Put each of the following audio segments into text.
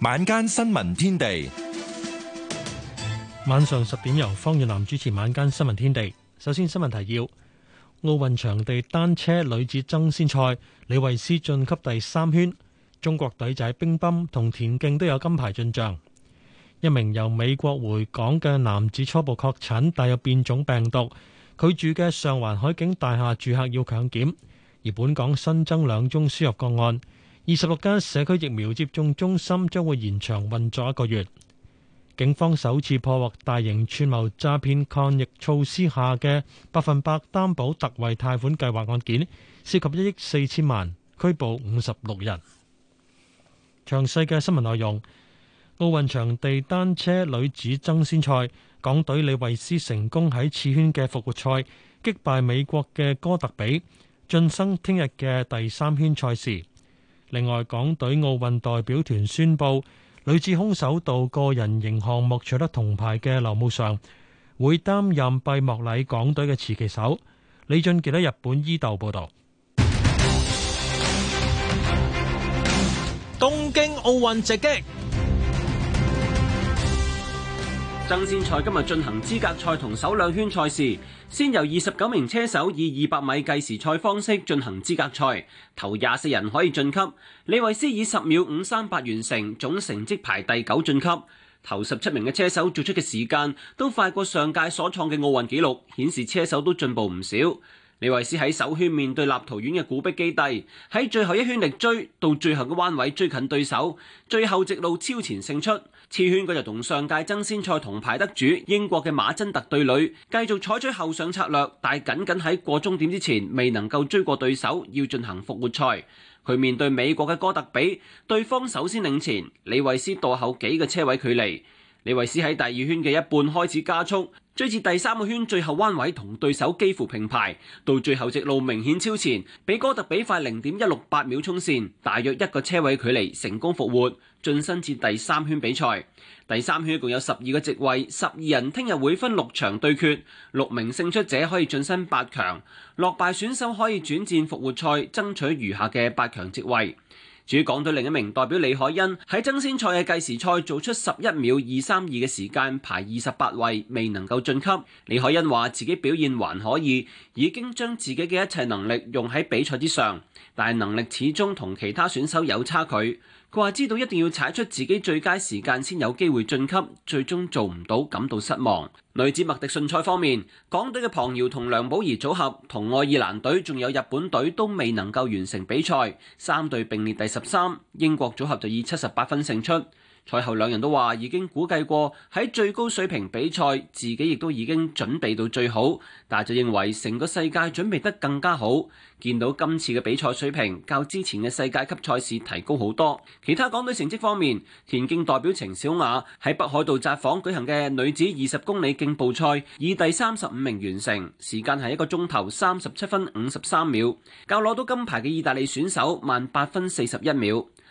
晚間新聞天地，晚上十點由方遠南主持。晚間新聞天地，首先新聞提要：奧運場地單車女子爭先賽，李慧詩晉級第三圈；中國隊喺乒乓同田徑都有金牌進賬。一名由美國回港嘅男子初步確診帶有變種病毒，佢住嘅上環海景大廈住客要強檢。而本港新增兩宗輸入個案。二十六家社區疫苗接種中心將會延長運作一個月。警方首次破獲大型串謀詐騙抗疫措施下嘅百分百擔保特惠貸款計劃案件，涉及一億四千萬，拘捕五十六人。詳細嘅新聞內容，奧運場地單車女子爭先賽，港隊李慧詩成功喺次圈嘅復活賽擊敗美國嘅哥特比，晉升聽日嘅第三圈賽事。另外，港隊奧運代表團宣布，女子空手道個人型項目取得銅牌嘅劉慕裳，會擔任閉幕禮港隊嘅持旗手。李俊傑喺日本伊豆報導。東京奧運直擊。爭先賽今日進行資格賽同首兩圈賽事，先由二十九名車手以二百米計時賽方式進行資格賽，頭廿四人可以晉級。李維斯以十秒五三八完成，總成績排第九晉級。頭十七名嘅車手做出嘅時間都快過上屆所創嘅奧運紀錄，顯示車手都進步唔少。李維斯喺首圈面對立陶宛嘅古碧基地，喺最後一圈力追，到最後嘅彎位追近對手，最後直路超前勝出。次圈佢就上同上屆爭先賽銅牌得主英國嘅馬真特對壘，繼續採取後上策略，但係僅僅喺過終點之前未能夠追過對手，要進行復活賽。佢面對美國嘅哥特比，對方首先領前，李維斯墮後幾個車位距離。李維斯喺第二圈嘅一半開始加速。追至第三個圈最後彎位同對手幾乎平排，到最後直路明顯超前，比哥特比快零點一六八秒衝線，大約一個車位距離成功復活，晉身至第三圈比賽。第三圈共有十二個席位，十二人聽日會分六場對決，六名勝出者可以晉身八強，落敗選手可以轉戰復活賽，爭取餘下嘅八強席位。主港隊另一名代表李海恩喺爭先賽嘅計時賽做出十一秒二三二嘅時間，排二十八位，未能夠晉級。李海恩話自己表現還可以，已經將自己嘅一切能力用喺比賽之上，但係能力始終同其他選手有差距。佢話知道一定要踩出自己最佳時間先有機會晉級，最終做唔到，感到失望。女子麥迪遜賽方面，港隊嘅龐瑤同梁寶儀組合同愛爾蘭隊、仲有日本隊都未能夠完成比賽，三隊並列第十三。英國組合就以七十八分勝出。賽後兩人都話已經估計過喺最高水平比賽，自己亦都已經準備到最好，但就認為成個世界準備得更加好。見到今次嘅比賽水平較之前嘅世界級賽事提高好多。其他港隊成績方面，田徑代表程小雅喺北海道札幌舉行嘅女子二十公里競步賽，以第三十五名完成，時間係一個鐘頭三十七分五十三秒，較攞到金牌嘅意大利選手慢八分四十一秒。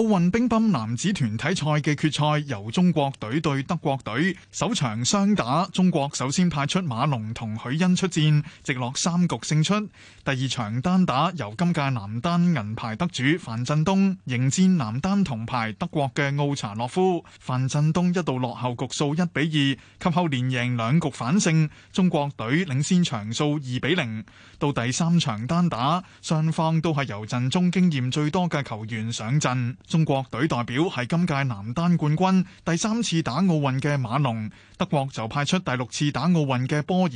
奧運乒乓男子團體賽嘅決賽由中國隊對德國隊，首場雙打，中國首先派出馬龍同許昕出戰，直落三局勝出。第二場單打由今屆男單銀牌得主樊振東迎戰男單銅牌德國嘅奧查洛夫，樊振東一度落後局數一比二，及後連贏兩局反勝，中國隊領先場數二比零。到第三場單打，雙方都係由陣中經驗最多嘅球員上陣。中國隊代表係今屆男單冠軍，第三次打奧運嘅馬龍。德國就派出第六次打奧運嘅波爾，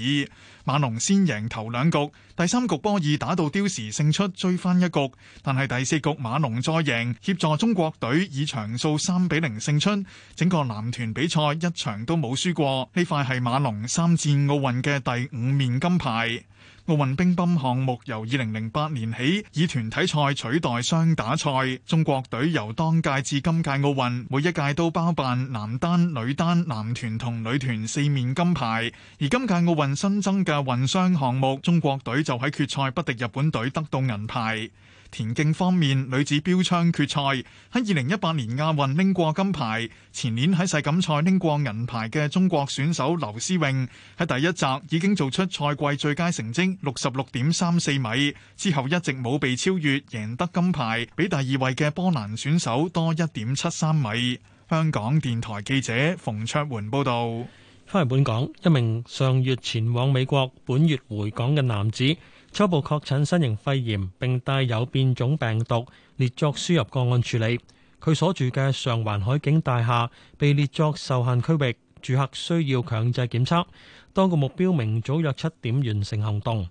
馬龍先贏頭兩局，第三局波爾打到丟時勝出，追翻一局，但係第四局馬龍再贏，協助中國隊以場數三比零勝出，整個男團比賽一場都冇輸過。呢塊係馬龍三戰奧運嘅第五面金牌。奧運乒乓項目由二零零八年起以團體賽取代雙打賽，中國隊由當屆至今屆奧運每一屆都包辦男單、女單、男團同女。女團四面金牌，而今屆奧運新增嘅混雙項目，中國隊就喺決賽不敵日本隊得到銀牌。田徑方面，女子標槍決賽喺二零一八年亞運拎過金牌，前年喺世錦賽拎過銀牌嘅中國選手劉詩穎喺第一集已經做出賽季最佳成績六十六點三四米，之後一直冇被超越，贏得金牌，比第二位嘅波蘭選手多一點七三米。香港電台記者馮卓桓報道：翻嚟本港，一名上月前往美國、本月回港嘅男子初步確診新型肺炎，並帶有變種病毒，列作輸入個案處理。佢所住嘅上環海景大廈被列作受限區域，住客需要強制檢測。當個目標明早約七點完成行動。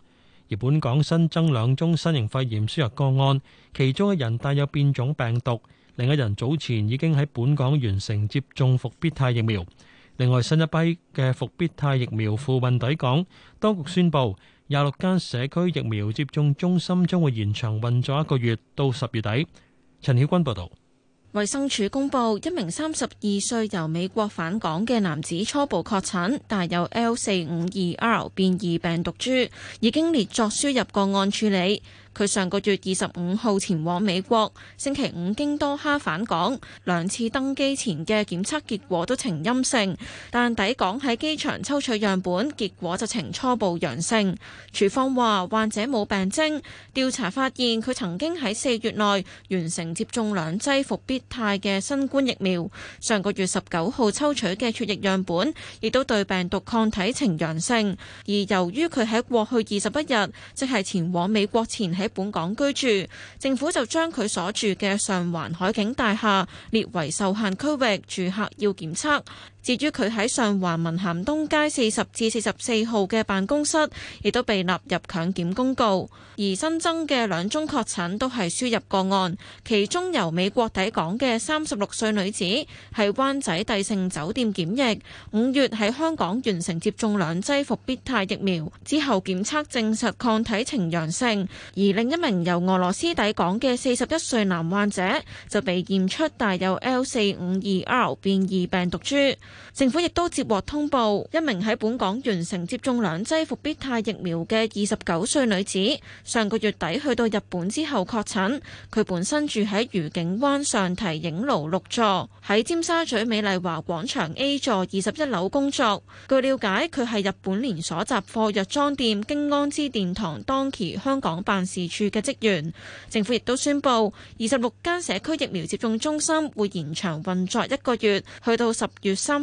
而本港新增兩宗新型肺炎輸入個案，其中一人帶有變種病毒。另一人早前已經喺本港完成接種復必泰疫苗。另外，新一批嘅復必泰疫苗付運抵港，當局宣布廿六間社區疫苗接種中心將會延長運作一個月到十月底。陳曉君報導。衛生署公布一名三十二歲由美國返港嘅男子初步確診，帶有 L 四五二 R 變異病毒株，已經列作輸入個案處理。佢上個月二十五號前往美國，星期五經多哈返港，兩次登機前嘅檢測結果都呈陰性，但抵港喺機場抽取樣本結果就呈初步陽性。處方話患者冇病徵，調查發現佢曾經喺四月內完成接種兩劑復必泰嘅新冠疫苗，上個月十九號抽取嘅血液樣本亦都對病毒抗體呈陽性，而由於佢喺過去二十一日，即係前往美國前，喺本港居住，政府就將佢所住嘅上環海景大廈列為受限區域，住客要檢測。至於佢喺上環文咸東街四十至四十四號嘅辦公室，亦都被納入強檢公告。而新增嘅兩宗確診都係輸入個案，其中由美國抵港嘅三十六歲女子喺灣仔帝盛酒店檢疫，五月喺香港完成接種兩劑復必泰疫苗之後，檢測證實抗體呈陽性；而另一名由俄羅斯抵港嘅四十一歲男患者就被驗出帶有 L 四五二 R 變異病毒株。政府亦都接獲通報，一名喺本港完成接種兩劑復必泰疫苗嘅二十九歲女子，上個月底去到日本之後確診。佢本身住喺愉景灣上堤影樓六座，喺尖沙咀美麗華廣場 A 座二十一樓工作。據了解，佢係日本連鎖雜貨藥妝店驚安之殿堂當期香港辦事處嘅職員。政府亦都宣布，二十六間社區疫苗接種中心會延長運作一個月，去到十月三。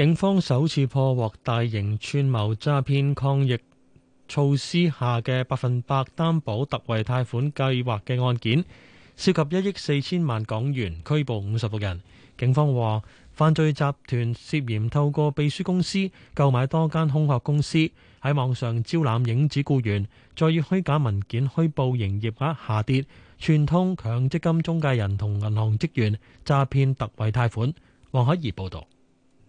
警方首次破獲大型串謀詐騙抗疫措施下嘅百分百擔保特惠貸款計劃嘅案件，涉及一億四千萬港元，拘捕五十六人。警方話，犯罪集團涉嫌透過秘書公司購買多間空殼公司，喺網上招攬影子僱員，再以虛假文件虛報營業額下跌，串通強積金中介人同銀行職員詐騙特惠貸款。黃可怡報道。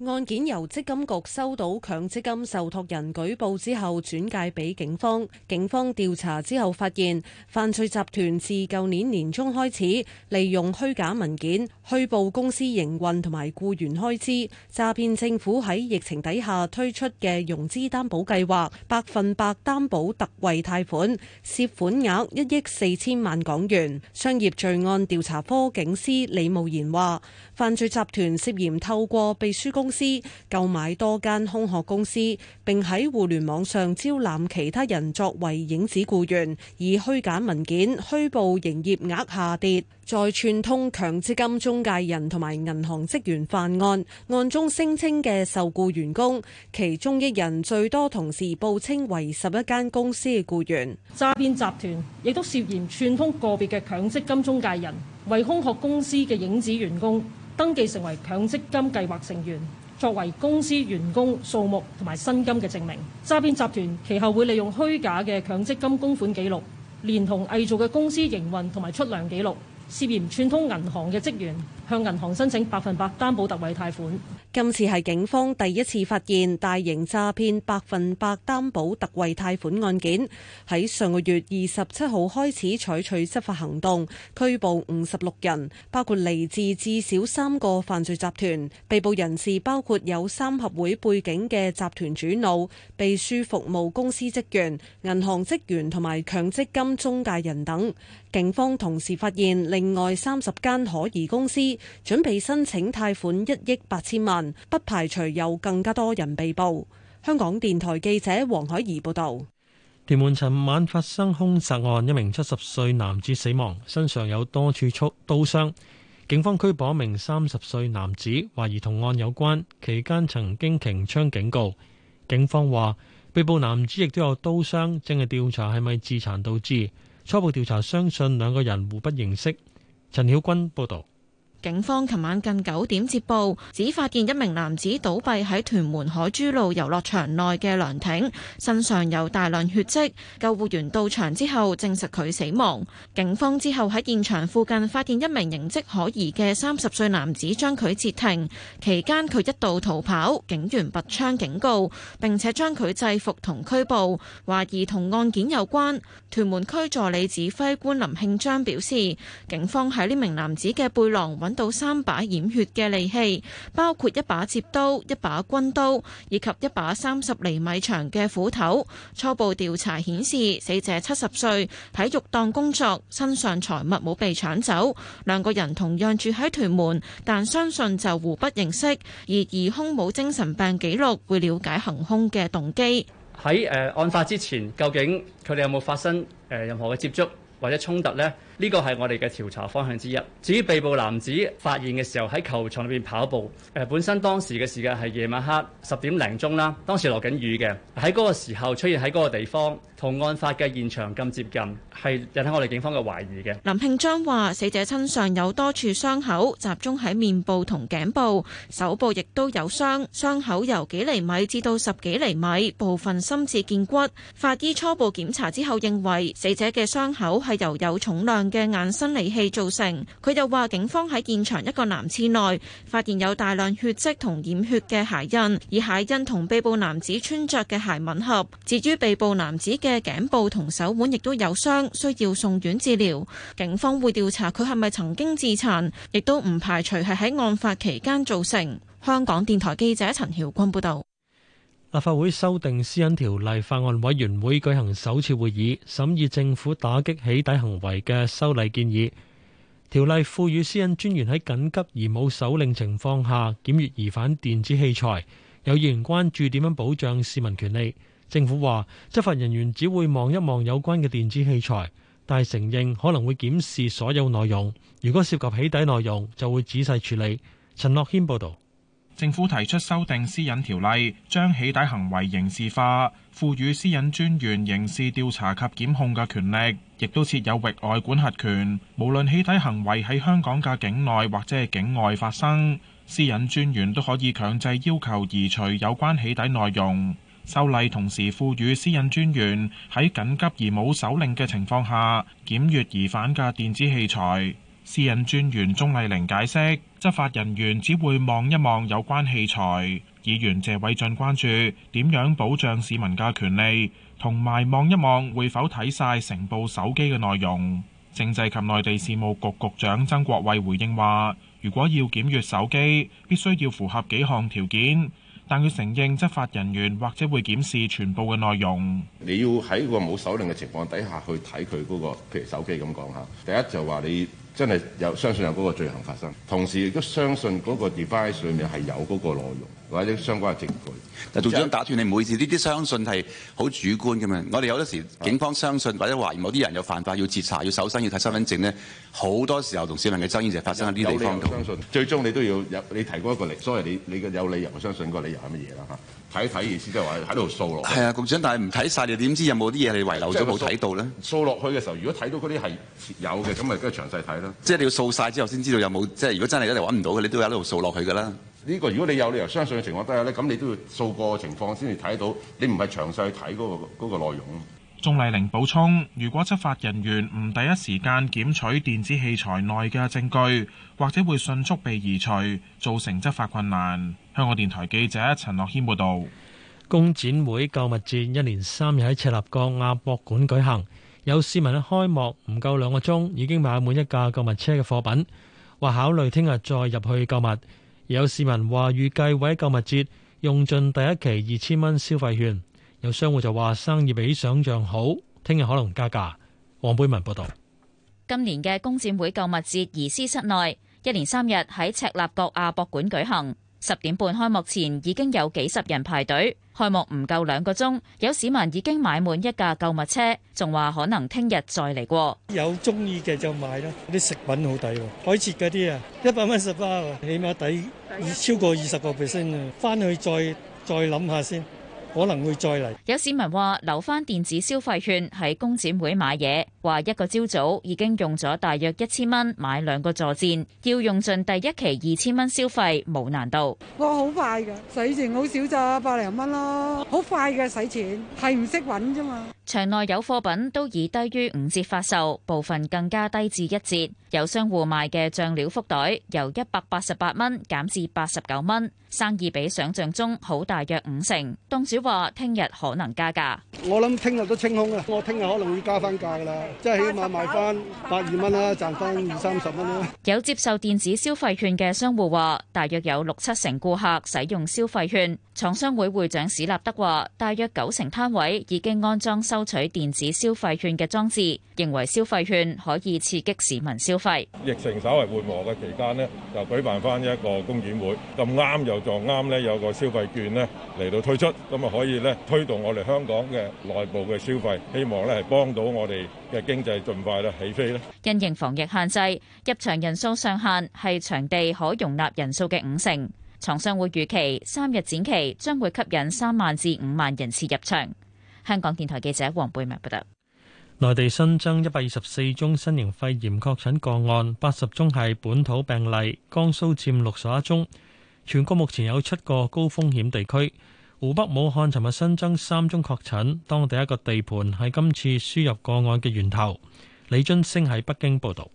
案件由積金局收到強積金受託人舉報之後轉介俾警方，警方調查之後發現，犯罪集團自舊年年中開始，利用虛假文件虛報公司營運同埋僱員開支，詐騙政府喺疫情底下推出嘅融資擔保計劃，百分百擔保特惠貸款，涉款額一億四千萬港元。商業罪案調查科警司李慕賢話，犯罪集團涉嫌透過秘書公公司購買多間空殼公司，並喺互聯網上招攬其他人作為影子僱員，以虛假文件虛報營業額下跌，再串通強積金中介人同埋銀行職員犯案。案中聲稱嘅受僱員工，其中一人最多同時報稱為十一間公司嘅僱員。詐騙集團亦都涉嫌串通個別嘅強積金中介人，為空殼公司嘅影子員工登記成為強積金計劃成員。作為公司員工數目同埋薪金嘅證明，詐騙集團其後會利用虛假嘅強積金供款記錄，連同偽造嘅公司營運同埋出糧記錄，涉嫌串通銀行嘅職員，向銀行申請百分百擔保特惠貸款。今次係警方第一次發現大型詐騙百分百擔保特惠貸款案件。喺上個月二十七號開始採取，取執法行動，拘捕五十六人，包括嚟自至少三個犯罪集團。被捕人士包括有三合會背景嘅集團主腦、秘書服務公司職員、銀行職員同埋強積金中介人等。警方同時發現另外三十間可疑公司。準備申請貸款一億八千萬，不排除有更加多人被捕。香港電台記者黃海怡報導，屯門尋晚發生凶殺案，一名七十歲男子死亡，身上有多處觸刀傷。警方拘捕一名三十歲男子，懷疑同案有關，期間曾經擎槍警告。警方話，被捕男子亦都有刀傷，正係調查係咪自殘導致。初步調查相信兩個人互不認識。陳曉君報導。警方琴晚近九點接報，指發現一名男子倒斃喺屯門海珠路遊樂場內嘅涼亭，身上有大量血跡。救護員到場之後，證實佢死亡。警方之後喺現場附近發現一名形跡可疑嘅三十歲男子，將佢截停。期間佢一度逃跑，警員拔槍警告並且將佢制服同拘捕，懷疑同案件有關。屯門區助理指揮官林慶章表示，警方喺呢名男子嘅背囊到三把染血嘅利器，包括一把折刀、一把軍刀以及一把三十厘米長嘅斧頭。初步調查顯示，死者七十歲，喺浴檔工作，身上財物冇被搶走。兩個人同樣住喺屯門，但相信就互不認識。而疑兇冇精神病記錄，會了解行兇嘅動機。喺案發之前，究竟佢哋有冇發生任何嘅接觸或者衝突呢？呢個係我哋嘅調查方向之一。至於被捕男子發現嘅時候喺球場裏邊跑步，誒、呃、本身當時嘅時間係夜晚黑十點零鐘啦，當時落緊雨嘅，喺嗰個時候出現喺嗰個地方，同案發嘅現場咁接近，係引起我哋警方嘅懷疑嘅。林慶章話：死者身上有多處傷口，集中喺面部同頸部，手部亦都有傷，傷口由幾厘米至到十幾厘米，部分深至見骨。法醫初步檢查之後認為，死者嘅傷口係由有重量。嘅眼身利器造成，佢又話警方喺現場一個男廁內發現有大量血跡同染血嘅鞋印，以鞋印同被捕男子穿着嘅鞋吻合。至於被捕男子嘅頸部同手腕亦都有傷，需要送院治療。警方會調查佢係咪曾經自殘，亦都唔排除係喺案發期間造成。香港電台記者陳曉君報道。立法會修訂私隱條例法案委員會舉行首次會議，審議政府打擊起底行為嘅修例建議。條例賦予私隱專員喺緊急而冇手令情況下檢閱疑犯電子器材，有議員關注點樣保障市民權利。政府話執法人員只會望一望有關嘅電子器材，但係承認可能會檢視所有內容。如果涉及起底內容，就會仔細處理。陳樂謙報道。政府提出修訂私隱條例，將起底行為刑事化，賦予私隱專員刑事調查及檢控嘅權力，亦都設有域外管轄權。無論起底行為喺香港嘅境內或者係境外發生，私隱專員都可以強制要求移除有關起底內容。修例同時賦予私隱專員喺緊急而冇手令嘅情況下，檢閲疑犯嘅電子器材。私隱專員鍾麗玲解釋，執法人員只會望一望有關器材。議員謝偉俊關注點樣保障市民嘅權利，同埋望一望會否睇晒成部手機嘅內容。政制及內地事務局局局長曾國衛回應話，如果要檢閲手機，必須要符合幾項條件。但佢承認執法人員或者會檢視全部嘅內容。你要喺個冇手令嘅情況底下去睇佢嗰個，譬如手機咁講吓。第一就話你。真係有相信有嗰個罪行發生，同時亦都相信嗰個 device 裏面係有嗰個內容。或者相關嘅證據。但局長打斷，你唔好意思。呢啲相信係好主觀嘅嘛？我哋有陣時警方相信或者懷疑某啲人有犯法，要截查、要搜身、要睇身份證咧，好多時候同市民嘅爭議就發生喺呢啲地方度。有理由相信，最終你都要有你提供一個例。所謂你你嘅有理由相信個理由係乜嘢啦？睇睇意思即係話喺度掃落。係啊，局長，但係唔睇晒，你點知有冇啲嘢係遺漏咗冇睇到咧？掃落去嘅時候，如果睇到嗰啲係有嘅，咁咪跟住詳細睇咯。即係你要掃晒之後先知道有冇？即係如果真係一直揾唔到嘅，你都喺度掃落去㗎啦。呢個如果你有理由相信嘅情況底下呢，咁你都要數個情況先至睇到，你唔係詳細去睇嗰個嗰個內容。鍾麗玲補充：如果執法人員唔第一時間檢取電子器材內嘅證據，或者會迅速被移除，造成執法困難。香港電台記者陳樂軒報導。工展會購物節一連三日喺赤鱲角亞博館舉行，有市民喺開幕唔夠兩個鐘已經買滿一架購物車嘅貨品，話考慮聽日再入去購物。有市民話預計喺購物節用盡第一期二千蚊消費券，有商戶就話生意比想象好，聽日可能加價。黃貝文報道，今年嘅工展會購物節移師室內，一連三日喺赤鱲角亞博館舉行，十點半開幕前已經有幾十人排隊。開幕唔夠兩個鐘，有市民已經買滿一架購物車，仲話可能聽日再嚟過。有中意嘅就買啦，啲食品好抵喎，海切嗰啲啊，一百蚊十包，起碼抵超過二十個 percent 啊！翻去再再諗下先，可能會再嚟。有市民話留翻電子消費券喺工展會買嘢。話一個朝早已經用咗大約一千蚊買兩個坐墊，要用盡第一期二千蚊消費無難度。嘩，好快嘅，使錢好少咋，百零蚊咯，好快嘅，使錢係唔識揾啫嘛。場內有貨品都以低於五折發售，部分更加低至一折。有商戶賣嘅醬料福袋由一百八十八蚊減至八十九蚊，生意比想象中好大約五成。檔主話：聽日可能加價。我諗聽日都清空啊！我聽日可能會加翻價啦。即係起碼賣翻百二蚊啦，賺翻二三十蚊啦。有接受電子消費券嘅商戶話，大約有六七成顧客使用消費券。廠商會會長史立德話，大約九成攤位已經安裝收取電子消費券嘅裝置，認為消費券可以刺激市民消費。疫情稍為緩和嘅期間呢，就舉辦翻一個公演會，咁啱又撞啱呢，有個消費券呢嚟到推出，咁啊可以呢推動我哋香港嘅內部嘅消費，希望呢係幫到我哋。嘅經濟盡快啦，起飛啦。因應防疫限制，入場人數上限係場地可容納人數嘅五成。廠商會預期三日展期將會吸引三萬至五萬人次入場。香港電台記者黃貝明報道。內地新增一百二十四宗新型肺炎確診個案，八十宗係本土病例，江蘇佔六十一宗。全國目前有七個高風險地區。湖北武漢尋日新增三宗確診，當地一個地盤係今次輸入個案嘅源頭。李津升喺北京報道，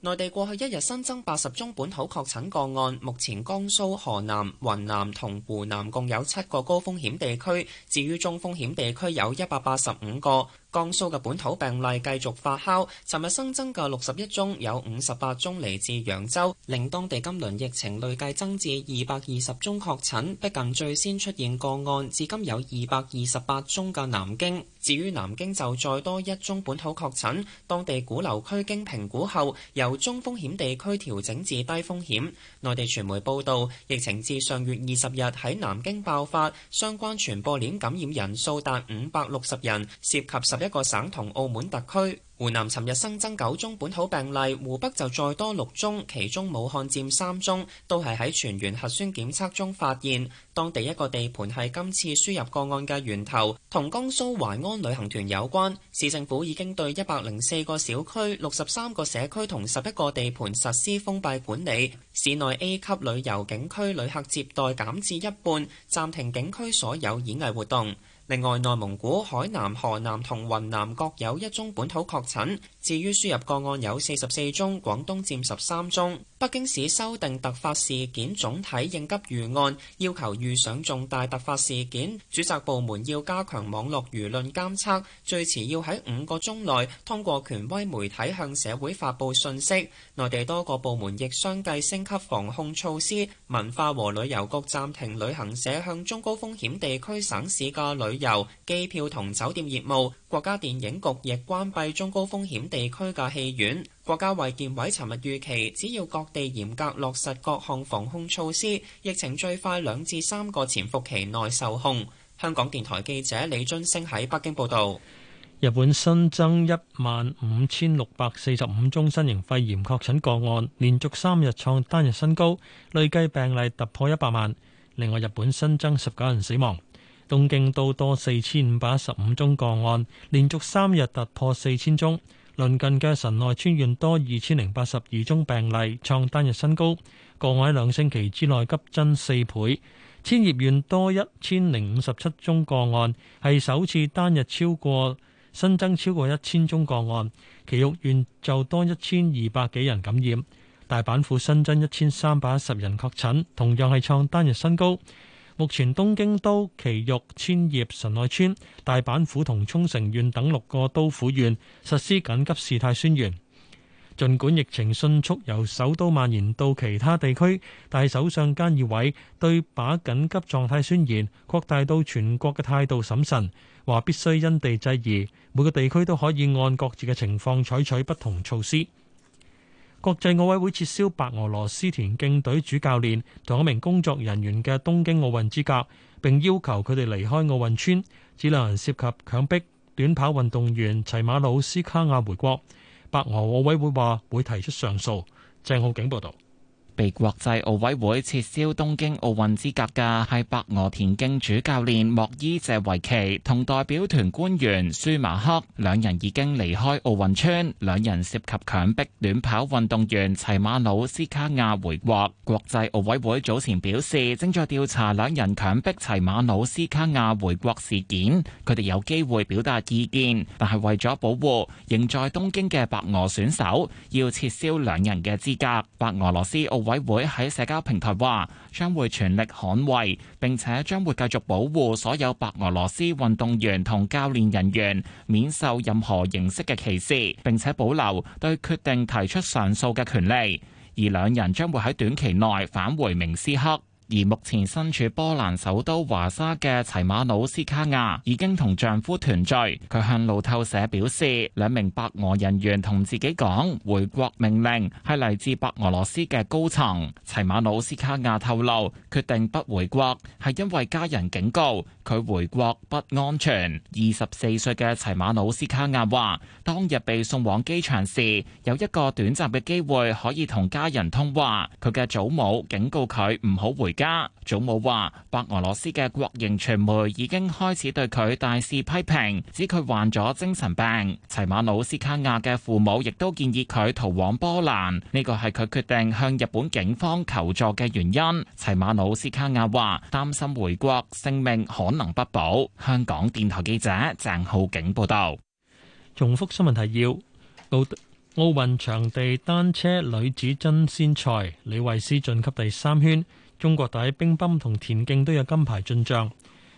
內地過去一日新增八十宗本土確診個案，目前江蘇、河南、雲南同湖南共有七個高風險地區，至於中風險地區有一百八十五個。江蘇嘅本土病例繼續發酵，尋日新增嘅六十一宗有五十八宗嚟自揚州，令當地今輪疫情累計增至二百二十宗確診，逼近最先出現個案，至今有二百二十八宗嘅南京。至於南京就再多一宗本土確診，當地鼓樓區經評估後由中風險地區調整至低風險。內地傳媒報道，疫情至上月二十日喺南京爆發，相關傳播鏈感染人數達五百六十人，涉及十一個省同澳門特區，湖南尋日新增九宗本土病例，湖北就再多六宗，其中武漢佔三宗，都係喺全員核酸檢測中發現。當地一個地盤係今次輸入個案嘅源頭，同江蘇淮安旅行團有關。市政府已經對一百零四個小區、六十三個社區同十一個地盤實施封閉管理，市內 A 級旅遊景區旅客接待減至一半，暫停景區所有演藝活動。另外，內蒙古、海南、河南同雲南各有一宗本土確診。至於輸入個案有四十四宗，廣東佔十三宗。北京市修訂突發事件總體應急預案，要求遇上重大突發事件，主責部門要加強網絡輿論監測，最遲要喺五個鐘內通過權威媒體向社會發佈信息。內地多個部門亦相繼升級防控措施，文化和旅遊局暫停旅行社向中高風險地區省市嘅旅遊、機票同酒店業務。國家電影局亦關閉中高風險地。地區嘅戲院，國家衛健委尋日預期，只要各地嚴格落實各項防控措施，疫情最快兩至三個潛伏期內受控。香港電台記者李津升喺北京報道。日本新增一萬五千六百四十五宗新型肺炎確診個案，連續三日創單日新高，累計病例突破一百萬。另外，日本新增十九人死亡，東京都多四千五百一十五宗個案，連續三日突破四千宗。鄰近嘅神奈川縣多二千零八十二宗病例，創單日新高，個案喺兩星期之內急增四倍。千葉縣多一千零五十七宗個案，係首次單日超過新增超過一千宗個案。埼玉縣就多一千二百幾人感染。大阪府新增一千三百一十人確診，同樣係創單日新高。目前，東京都、埼玉、千葉、神奈川、大阪府同沖繩縣等六個都府縣實施緊急事態宣言。盡管疫情迅速由首都蔓延到其他地區，但係首相菅義偉對把緊急狀態宣言擴大到全國嘅態度審慎，話必須因地制宜，每個地區都可以按各自嘅情況採取不同措施。國際奧委會撤銷白俄羅斯田徑隊主教練同一名工作人員嘅東京奧運資格，並要求佢哋離開奧運村。指兩人涉及強迫短跑運動員齊馬魯斯卡亞回國。白俄奧委會話會提出上訴。鄭浩景報導。被國際奧委會撤銷東京奧運資格嘅係白俄田徑主教練莫伊謝維奇同代表團官員舒馬克，兩人已經離開奧運村。兩人涉及強迫短跑運動員齊馬努斯卡亞回國。國際奧委會早前表示，正在調查兩人強迫齊馬努斯卡亞回國事件。佢哋有機會表達意見，但係為咗保護仍在東京嘅白俄選手，要撤銷兩人嘅資格。白俄羅斯奧委會喺社交平台話，將會全力捍衛，並且將會繼續保護所有白俄羅斯運動員同教練人員免受任何形式嘅歧視，並且保留對決定提出上訴嘅權利。而兩人將會喺短期內返回明斯克。而目前身處波蘭首都華沙嘅齊馬努斯卡亞已經同丈夫團聚。佢向路透社表示，兩名白俄人員同自己講，回國命令係嚟自白俄羅斯嘅高層。齊馬努斯卡亞透露，決定不回國，係因為家人警告佢回國不安全。二十四歲嘅齊馬努斯卡亞話，當日被送往機場時，有一個短暫嘅機會可以同家人通話，佢嘅祖母警告佢唔好回。家祖母話：白俄羅斯嘅國營傳媒已經開始對佢大肆批評，指佢患咗精神病。齊馬努斯卡亞嘅父母亦都建議佢逃往波蘭，呢個係佢決定向日本警方求助嘅原因。齊馬努斯卡亞話：擔心回國性命可能不保。香港電台記者鄭浩景報道：「重複新聞提要：奧奧運場地單車女子爭先賽，李慧詩晉級第三圈。中國隊乒乓同田徑都有金牌進帳。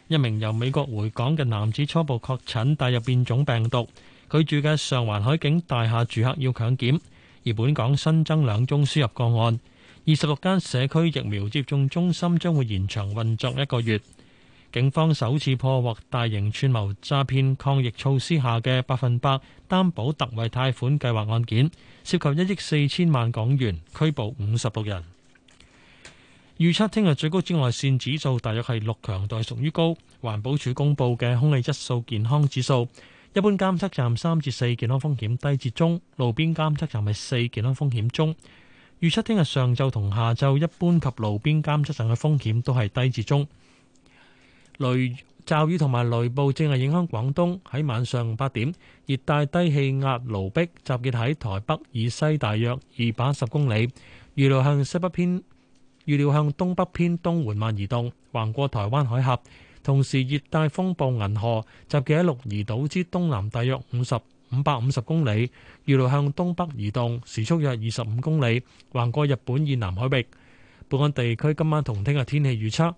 一名由美國回港嘅男子初步確診帶入變種病毒，佢住嘅上環海景大廈住客要強檢。而本港新增兩宗輸入個案。二十六間社區疫苗接種中心將會延長運作一個月。警方首次破獲大型串謀詐騙抗疫措施下嘅百分百擔保特惠貸款計劃案件，涉及一億四千萬港元，拘捕五十六人。預測聽日最高紫外線指數大約係六強，代屬於高。環保署公布嘅空氣質素健康指數，一般監測站三至四健康風險低至中，路邊監測站係四健康風險中。預測聽日上晝同下晝一般及路邊監測站嘅風險都係低至中。雷、驟雨同埋雷暴正係影響廣東，喺晚上八點，熱帶低氣壓盧碧集結喺台北以西大約二百一十公里，預料向西北偏預料向東北偏東緩慢移動，橫過台灣海峽。同時，熱帶風暴銀河集結喺鹿兒島之東南大約五十五百五十公里，預料向東北移動，時速約二十五公里，橫過日本以南海域。本港地區今晚同聽日天氣預測：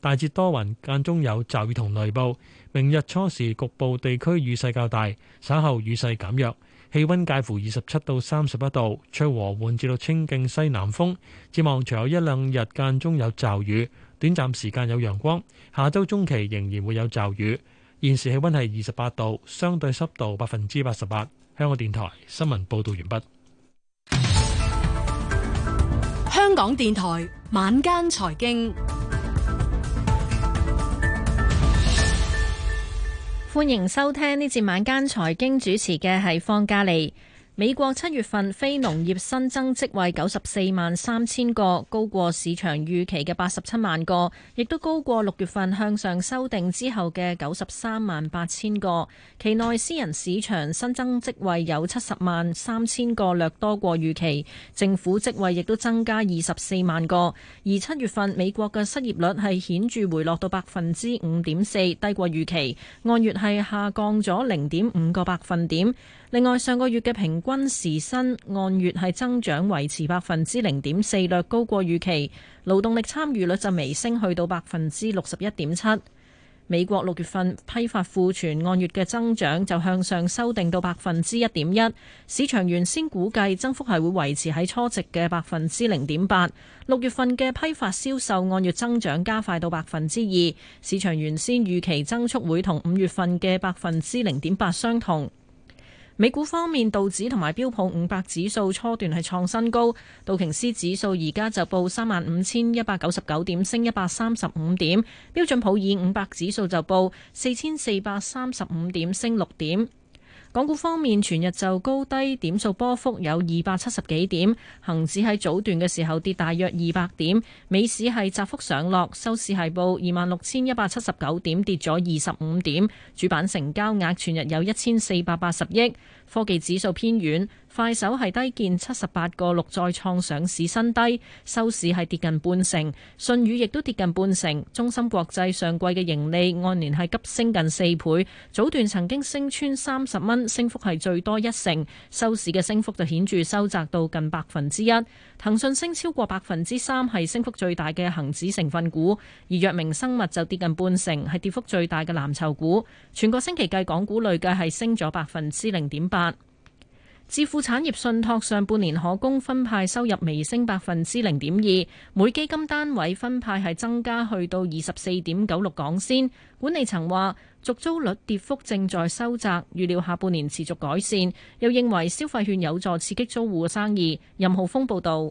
大致多雲，間中有驟雨同雷暴。明日初時局部地區雨勢較大，稍後雨勢減弱。氣溫介乎二十七到三十一度，吹和緩至到清勁西南風。展望隨後一兩日間中有驟雨，短暫時間有陽光。下周中期仍然會有驟雨。現時氣溫係二十八度，相對濕度百分之八十八。香港電台新聞報道完畢。香港電台晚間財經。歡迎收聽呢節晚間財經，主持嘅係方嘉利。美國七月份非農業新增職位九十四萬三千個，高過市場預期嘅八十七萬個，亦都高過六月份向上修訂之後嘅九十三萬八千個。期內私人市場新增職位有七十萬三千個，略多過預期，政府職位亦都增加二十四萬個。而七月份美國嘅失業率係顯著回落到百分之五點四，低過預期，按月係下降咗零點五個百分點。另外，上個月嘅平均時薪按月係增長，維持百分之零點四，略高過預期。勞動力參與率就微升，去到百分之六十一點七。美國六月份批發庫存按月嘅增長就向上修訂到百分之一點一，市場原先估計增幅係會維持喺初值嘅百分之零點八。六月份嘅批發銷售按月增長加快到百分之二，市場原先預期增速會同五月份嘅百分之零點八相同。美股方面，道指同埋標普五百指數初段係創新高，道瓊斯指數而家就報三萬五千一百九十九點，升一百三十五點；標準普爾五百指數就報四千四百三十五點，升六點。港股方面，全日就高低點數波幅有二百七十幾點，恒指喺早段嘅時候跌大約二百點。美市係窄幅上落，收市係報二萬六千一百七十九點，跌咗二十五點。主板成交額全日有一千四百八十億，科技指數偏軟。快手係低見七十八個六，再創上市新低，收市係跌近半成。信宇亦都跌近半成。中芯國際上季嘅盈利按年係急升近四倍，早段曾經升穿三十蚊，升幅係最多一成，收市嘅升幅就顯著收窄到近百分之一。騰訊升超過百分之三，係升幅最大嘅恒指成分股，而藥明生物就跌近半成，係跌幅最大嘅藍籌股。全個星期計，港股累計係升咗百分之零點八。致富產業信託上半年可供分派收入微升百分之零點二，每基金單位分派係增加去到二十四點九六港仙。管理層話，續租率跌幅正在收窄，預料下半年持續改善。又認為消費券有助刺激租戶嘅生意。任浩峰報導。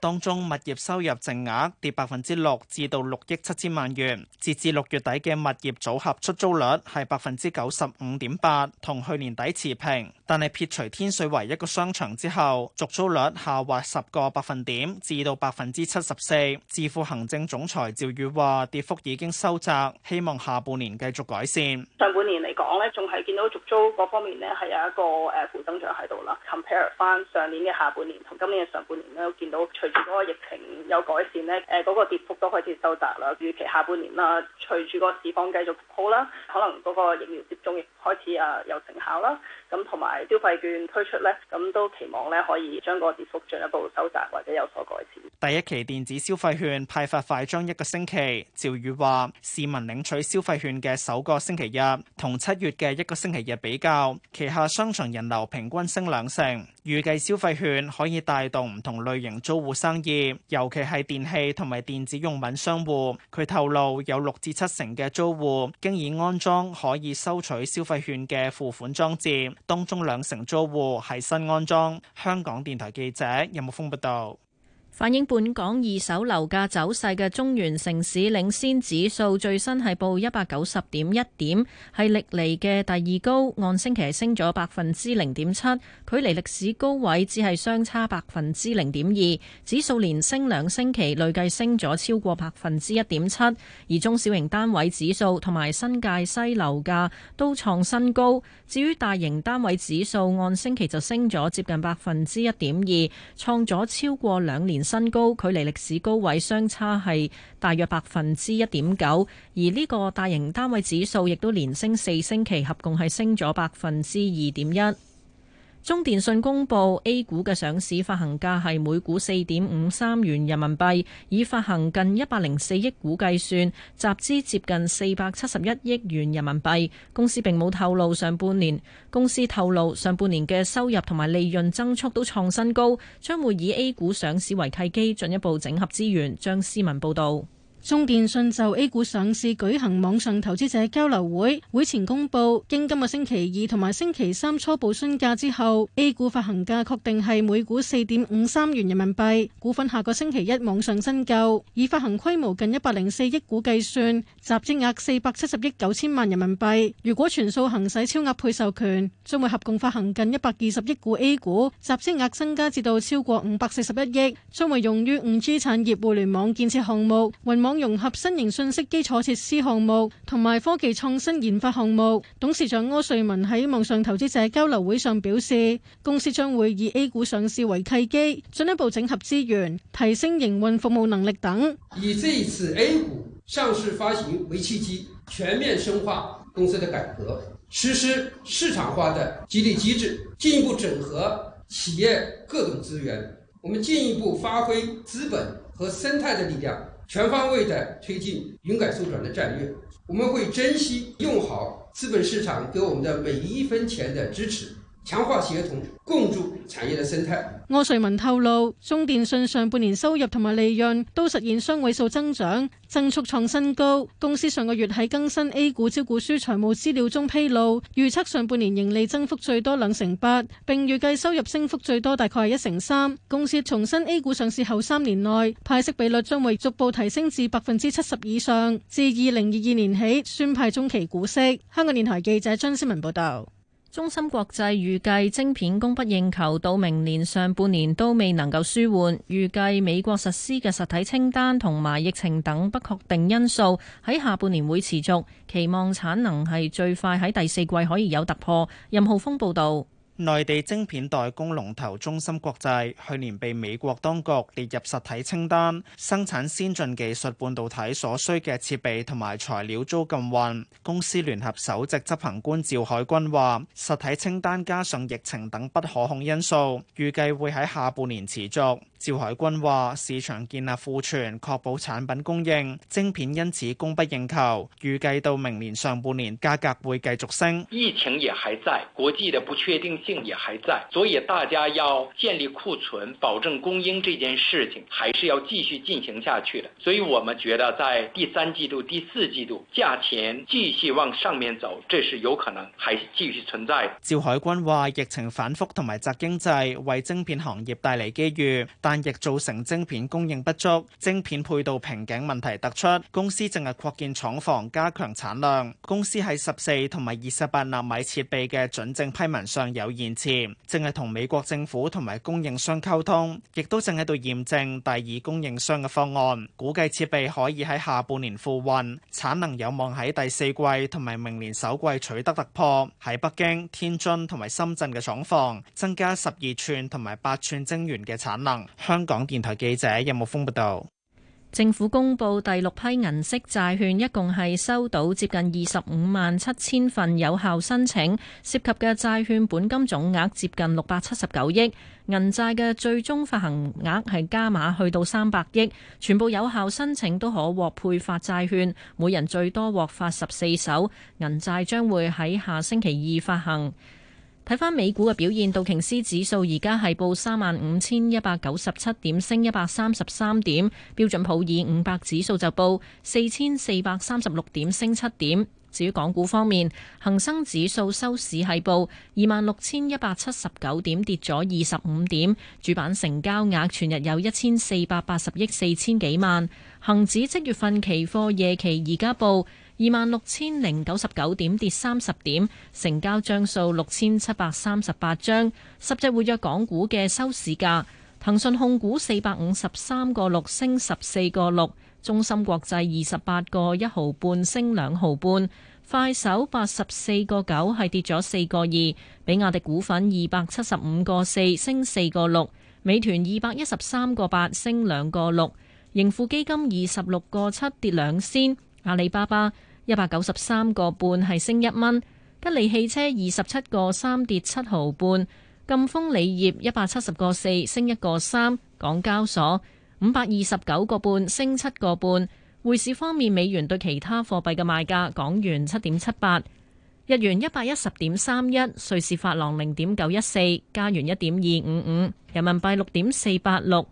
當中物業收入淨額跌百分之六，至到六億七千萬元。截至六月底嘅物業組合出租率係百分之九十五點八，同去年底持平。但係撇除天水圍一個商場之後，續租率下滑十個百分點，至到百分之七十四。置富行政總裁趙宇話，跌幅已經收窄，希望下半年繼續改善。上半年嚟講呢仲係見到續租嗰方面呢係有一個誒負增長喺度啦。Compare 翻上年嘅下半年同今年嘅上半年咧，都見到。隨住嗰個疫情有改善呢，誒嗰個跌幅都開始收窄啦。預期下半年啦，隨住個市況繼續復好啦，可能嗰個疫苗接種亦開始啊有成效啦。咁同埋消費券推出呢，咁都期望呢可以將嗰個跌幅進一步收窄或者有所改善。第一期電子消費券派發快將一個星期，趙宇話市民領取消費券嘅首個星期日，同七月嘅一個星期日比較，旗下商場人流平均升兩成，預計消費券可以帶動唔同類型租商戶生意，尤其係電器同埋電子用品商戶。佢透露有六至七成嘅租戶經已安裝可以收取消費券嘅付款裝置，當中兩成租戶係新安裝。香港電台記者任木峰報道。有反映本港二手樓價走勢嘅中原城市領先指數最新係報一百九十點一點，係歷嚟嘅第二高，按星期升咗百分之零點七，距離歷史高位只係相差百分之零點二。指數連升兩星期，累計升咗超過百分之一點七。而中小型單位指數同埋新界西樓價都創新高。至於大型單位指數，按星期就升咗接近百分之一點二，創咗超過兩年新高，距離歷史高位相差係大約百分之一點九，而呢個大型單位指數亦都連升四星期，合共係升咗百分之二點一。中電訊公布 A 股嘅上市發行價係每股四點五三元人民幣，以發行近一百零四億股計算，集資接近四百七十一億元人民幣。公司並冇透露上半年。公司透露上半年嘅收入同埋利潤增速都創新高，將會以 A 股上市為契機，進一步整合資源。張思文報道。中電訊就 A 股上市舉行網上投資者交流會，會前公布經今個星期二同埋星期三初步詢價之後，A 股發行價確定係每股四點五三元人民幣，股份下個星期一網上申購，以發行規模近一百零四億股計算，集資額四百七十億九千萬人民幣。如果全數行使超額配售權，將會合共發行近一百二十億股 A 股，集資額增加至到超過五百四十一億，將會用於五 G 產業互聯網建設項目、雲港融合新型信息基礎設施項目同埋科技創新研發項目，董事長柯瑞文喺網上投資者交流會上表示，公司將會以 A 股上市為契機，進一步整合資源，提升營運服務能力等。以這一次 A 股上市發行為契機，全面深化公司的改革，實施市場化的激勵機制，進一步整合企業各種資源。我們進一步發揮資本和生態的力量。全方位的推進雲改數轉的戰略，我們會珍惜用好資本市場給我們的每一分錢的支持，強化協同，共築。柯瑞文透露，中電信上半年收入同埋利潤都實現雙位數增長，增速創新高。公司上個月喺更新 A 股招股書財務資料中披露，預測上半年盈利增幅最多兩成八，並預計收入升幅最多大概係一成三。公司重申 A 股上市後三年內派息比率將會逐步提升至百分之七十以上，自二零二二年起宣派中期股息。香港電台記者張思文報道。中芯國際預計晶片供不應求，到明年上半年都未能夠舒緩。預計美國實施嘅實體清單同埋疫情等不確定因素喺下半年會持續，期望產能係最快喺第四季可以有突破。任浩峰報道。內地晶片代工龍頭中芯國際去年被美國當局列入實體清單，生產先進技術半導體所需嘅設備同埋材料遭禁運。公司聯合首席執行官趙海軍話：實體清單加上疫情等不可控因素，預計會喺下半年持續。趙海軍話：市場建立庫存，確保產品供應，晶片因此供不應求，預計到明年上半年價格會繼續升。疫情也還在，國際的不確定性。定也還在，所以大家要建立庫存，保證供應，這件事情還是要繼續進行下去的。所以我們覺得在第三季度、第四季度價錢繼續往上面走，這是有可能，還是繼續存在。趙海軍話：疫情反復同埋宅經濟，為晶片行業帶嚟機遇，但亦造成晶片供應不足，晶片配套瓶頸問題突出。公司正係擴建廠房，加強產量。公司喺十四同埋二十八納米設備嘅准證批文上有。現前，正係同美國政府同埋供應商溝通，亦都正喺度驗證第二供應商嘅方案。估計設備可以喺下半年復運，產能有望喺第四季同埋明年首季取得突破。喺北京、天津同埋深圳嘅廠房，增加十二寸同埋八寸晶圓嘅產能。香港電台記者任木峰報道。政府公布第六批銀色債券，一共係收到接近二十五萬七千份有效申請，涉及嘅債券本金總額接近六百七十九億，銀債嘅最終發行額係加碼去到三百億，全部有效申請都可獲配發債券，每人最多獲發十四手。銀債將會喺下星期二發行。睇翻美股嘅表現，道瓊斯指數而家係報三萬五千一百九十七點，升一百三十三點；標準普爾五百指數就報四千四百三十六點，升七點。至於港股方面，恒生指數收市係報二萬六千一百七十九點，跌咗二十五點。主板成交額全日有一千四百八十億四千幾萬。恒指即月份期貨夜期而家報二萬六千零九十九點跌三十點，成交張數六千七百三十八張。十隻活躍港股嘅收市價：騰訊控股四百五十三個六升十四個六，中芯國際二十八個一毫半升兩毫半，快手八十四個九係跌咗四個二，比亞迪股份二百七十五個四升四個六，美團二百一十三個八升兩個六，盈富基金二十六個七跌兩仙，阿里巴巴。一百九十三個半係升一蚊，吉利汽車二十七個三跌七毫半，贛鋒鋰業一百七十個四升一個三，港交所五百二十九個半升七個半。匯市方面，美元對其他貨幣嘅賣價，港元七點七八，日元一百一十點三一，瑞士法郎零點九一四，加元一點二五五，人民幣六點四八六，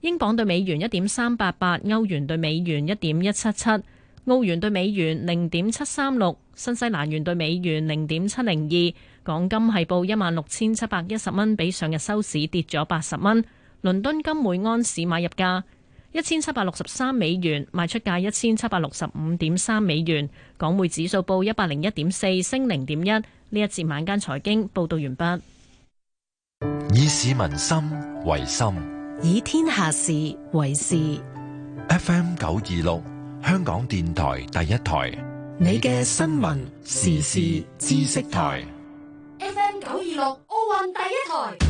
英鎊對美元一點三八八，歐元對美元一點一七七。澳元兌美元零點七三六，新西蘭元兌美元零點七零二，港金係報一萬六千七百一十蚊，比上日收市跌咗八十蚊。倫敦金每安士買入價一千七百六十三美元，賣出價一千七百六十五點三美元。港匯指數報 4, 1, 一百零一點四，升零點一。呢一節晚間財經報道完畢。以市民心為心，以天下事為事。FM 九二六。香港電台第一台，你嘅新聞時事知識台，FM 九二六奧運第一台。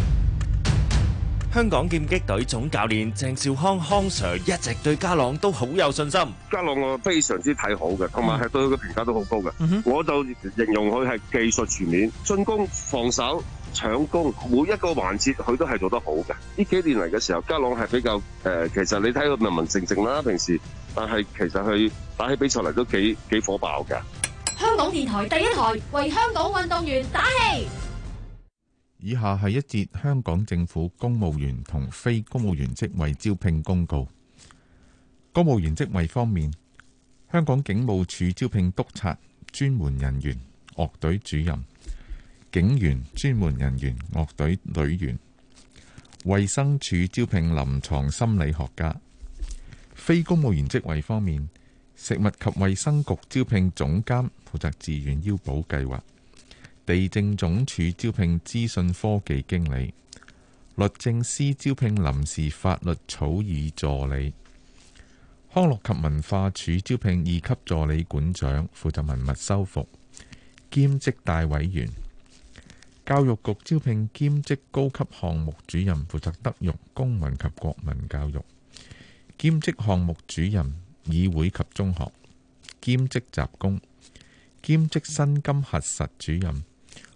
香港劍擊隊總教練鄭兆康康 Sir 一直對家朗都好有信心。家朗我非常之睇好嘅，同埋係對佢嘅評價都好高嘅。我就形容佢係技術全面，進攻、防守、搶攻，每一個環節佢都係做得好嘅。呢幾年嚟嘅時候，家朗係比較誒，其實你睇佢文文靜靜啦，平時。但係，其實佢打起比賽嚟都幾幾火爆㗎。香港電台第一台為香港運動員打氣。以下係一節香港政府公務員同非公務員職位招聘公告。公務員職位方面，香港警務處招聘督察專門人員、樂隊主任、警員專門人員、樂隊女員。衛生署招聘臨牀心理學家。非公務員職位方面，食物及衛生局招聘總監，負責自願醫保計劃；地政總署招聘資訊科技經理；律政司招聘臨時法律草擬助理；康樂及文化署招聘二級助理館長，負責文物修復兼職大委員；教育局招聘兼職高級項目主任，負責德育、公民及國民教育。兼職項目主任、議會及中學兼職雜工、兼職薪金核實主任、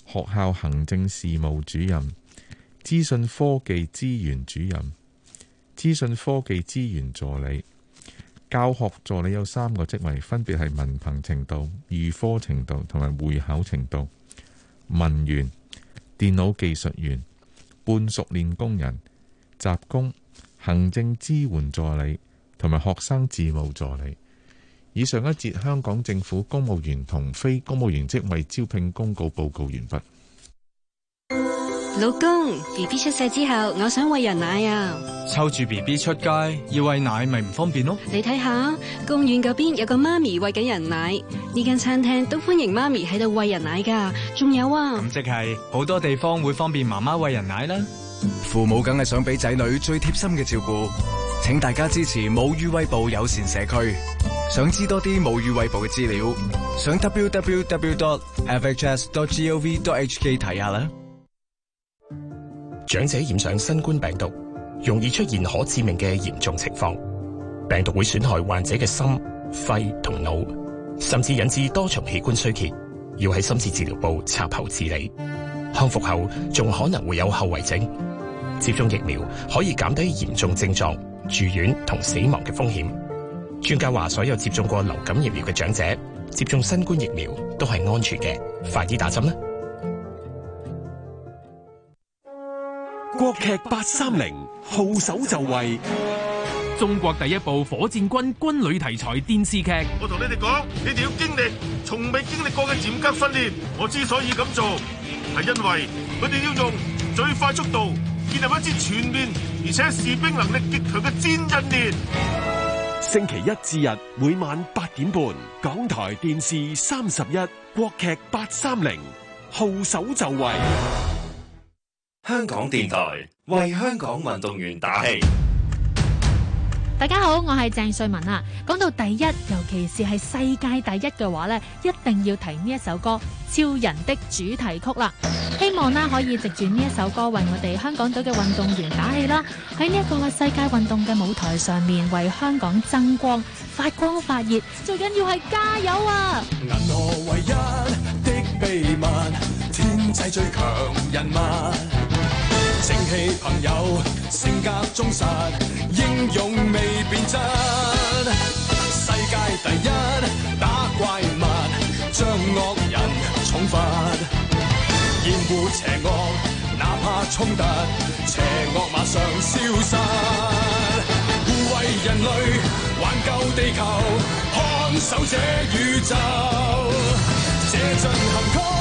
學校行政事務主任、資訊科技資源主任、資訊科技資源助理、教學助理有三個職位，分別係文憑程度、預科程度同埋會考程度。文員、電腦技術員、半熟練工人、雜工。行政支援助理同埋學生事務助理。以上一節香港政府公務員同非公務員職位招聘公告報告完畢。老公，B B 出世之後，我想餵人奶啊！抽住 B B 出街要餵奶咪唔方便咯，啊。你睇下公園嗰邊有個媽咪餵緊人奶，呢間餐廳都歡迎媽咪喺度餵人奶噶，仲有啊！咁即係好多地方會方便媽媽餵人奶啦。父母梗係想俾仔女最貼心嘅照顧，請大家支持母乳餵哺友善社區。想知多啲母乳餵哺嘅資料，上 www.fhs.gov.hk 睇下啦。長者染上新冠病毒，容易出現可致命嘅嚴重情況，病毒會損害患者嘅心、肺同腦，甚至引致多重器官衰竭，要喺深切治療部插喉治理。康復後仲可能會有後遺症。接種疫苗，可以減低嚴重症狀、住院同死亡嘅風險。專家話，所有接種過流感疫苗嘅長者接種新冠疫苗都係安全嘅。快啲打針啦！國劇八三零號手就位，中國第一部火箭軍軍旅題材電視劇。我同你哋講，你哋要經歷從未經歷過嘅嚴格訓練。我之所以咁做，係因為佢哋要用最快速度。建立一支全面而且士兵能力極強嘅戰陣列。星期一至日每晚八點半，港台電視三十一國劇八三零號手就位。香港電台為香港運動員打氣。大家好，我係鄭瑞文啊！講到第一，尤其是係世界第一嘅話咧，一定要提呢一首歌《超人的主題曲》啦。希望啦可以藉住呢一首歌為我哋香港隊嘅運動員打氣啦，喺呢一個世界運動嘅舞台上面為香港爭光發光發熱，最緊要係加油啊！銀河唯一的秘密，天際最強人物。正氣朋友，性格忠實，英勇未變質。世界第一打怪物，將惡人重罰，厭惡邪惡，哪怕衝突，邪惡馬上消失，護衛人類，挽救地球，看守這宇宙，這進行曲。